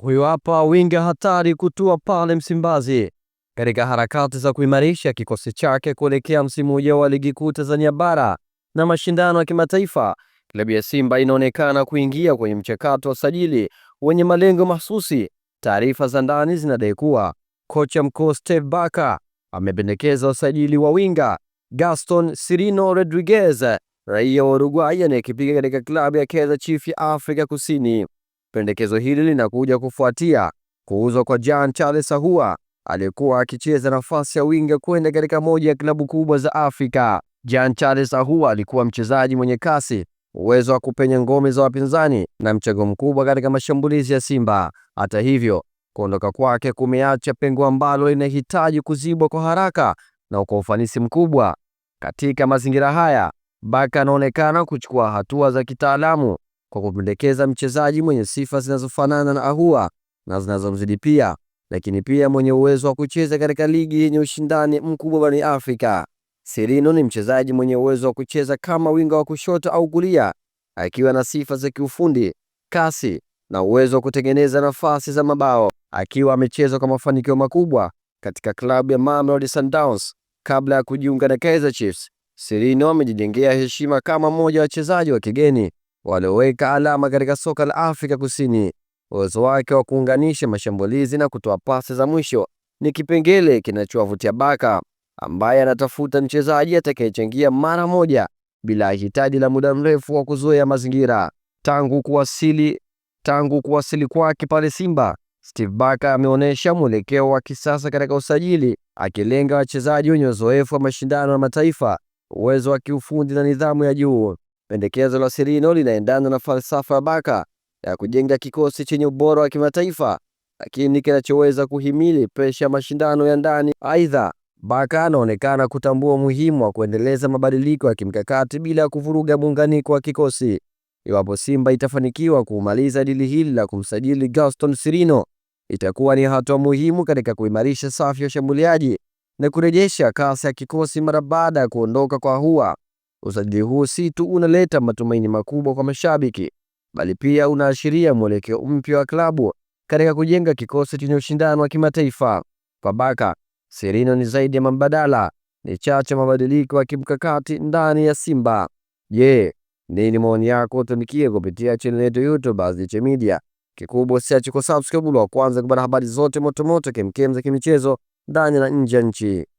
Huyu hapa winga hatari kutua pale Msimbazi katika harakati za kuimarisha kikosi chake kuelekea msimu ujao wa ligi kuu Tanzania bara na mashindano ya kimataifa. Klabu ya Simba inaonekana kuingia kwenye mchakato wa usajili wenye malengo mahsusi. Taarifa za ndani zinadai kuwa kocha mkuu Steve Barker amependekeza usajili wa winga Gaston Sirino Rodriguez, raia wa Uruguay anayekipiga katika klabu ya Kaizer Chiefs ya Afrika Kusini. Pendekezo hili linakuja kufuatia kuuzwa kwa Jean Charles Ahoua aliyekuwa akicheza nafasi ya winga kwenda katika moja ya klabu kubwa za Afrika. Jean Charles Ahoua alikuwa mchezaji mwenye kasi, uwezo wa kupenya ngome za wapinzani na mchango mkubwa katika mashambulizi ya Simba. Hata hivyo, kuondoka kwake kumeacha pengo ambalo linahitaji kuzibwa kwa haraka na kwa ufanisi mkubwa. Katika mazingira haya, Baka anaonekana kuchukua hatua za kitaalamu kwa kupendekeza mchezaji mwenye sifa zinazofanana na Ahoua na zinazomzidi pia, lakini pia mwenye uwezo wa kucheza katika ligi yenye ushindani mkubwa barani Afrika. Sirino ni mchezaji mwenye uwezo wa kucheza kama winga wa kushoto au kulia, akiwa na sifa za kiufundi, kasi na uwezo wa kutengeneza nafasi za mabao, akiwa amecheza kwa mafanikio makubwa katika klabu ya Mamelodi Sundowns kabla ya kujiunga na Kaizer Chiefs. Sirino amejijengea heshima kama mmoja wa wachezaji wa kigeni walioweka alama katika soka la Afrika Kusini. Uwezo wake wa kuunganisha mashambulizi na kutoa pasi za mwisho ni kipengele kinachowavutia Baka, ambaye anatafuta mchezaji atakayechangia mara moja bila hitaji la muda mrefu wa kuzoea mazingira. Tangu kuwasili tangu kuwasili kwake pale Simba, Steve Baka ameonyesha mwelekeo wa kisasa katika usajili, akilenga wachezaji wenye uzoefu wa mashindano ya mataifa, uwezo wa kiufundi na nidhamu ya juu. Pendekezo la Sirino linaendana na falsafa ya Baka ya kujenga kikosi chenye ubora wa kimataifa lakini kinachoweza kuhimili presha ya mashindano ya ndani. Aidha, Baka anaonekana kutambua umuhimu wa kuendeleza mabadiliko ya kimkakati bila kuvuruga muunganiko wa kikosi. Iwapo Simba itafanikiwa kumaliza dili hili la kumsajili Gaston Sirino, itakuwa ni hatua muhimu katika kuimarisha safu ya ushambuliaji na kurejesha kasi ya kikosi mara baada ya kuondoka kwa hua Usajili huu si tu unaleta matumaini makubwa kwa mashabiki, bali pia unaashiria mwelekeo mpya wa klabu katika kujenga kikosi chenye ushindano wa kimataifa. Kwa Baka, Sirino ni zaidi ya mabadala, ni chacha mabadiliko ya kimkakati ndani ya Simba. Je, nini maoni yako? utumikie kupitia channel yetu YouTube Azliche Media. Kikubwa usiache kusubscribe ili uanze kupata habari zote motomoto kemkem za kimichezo ndani na nje ya nchi.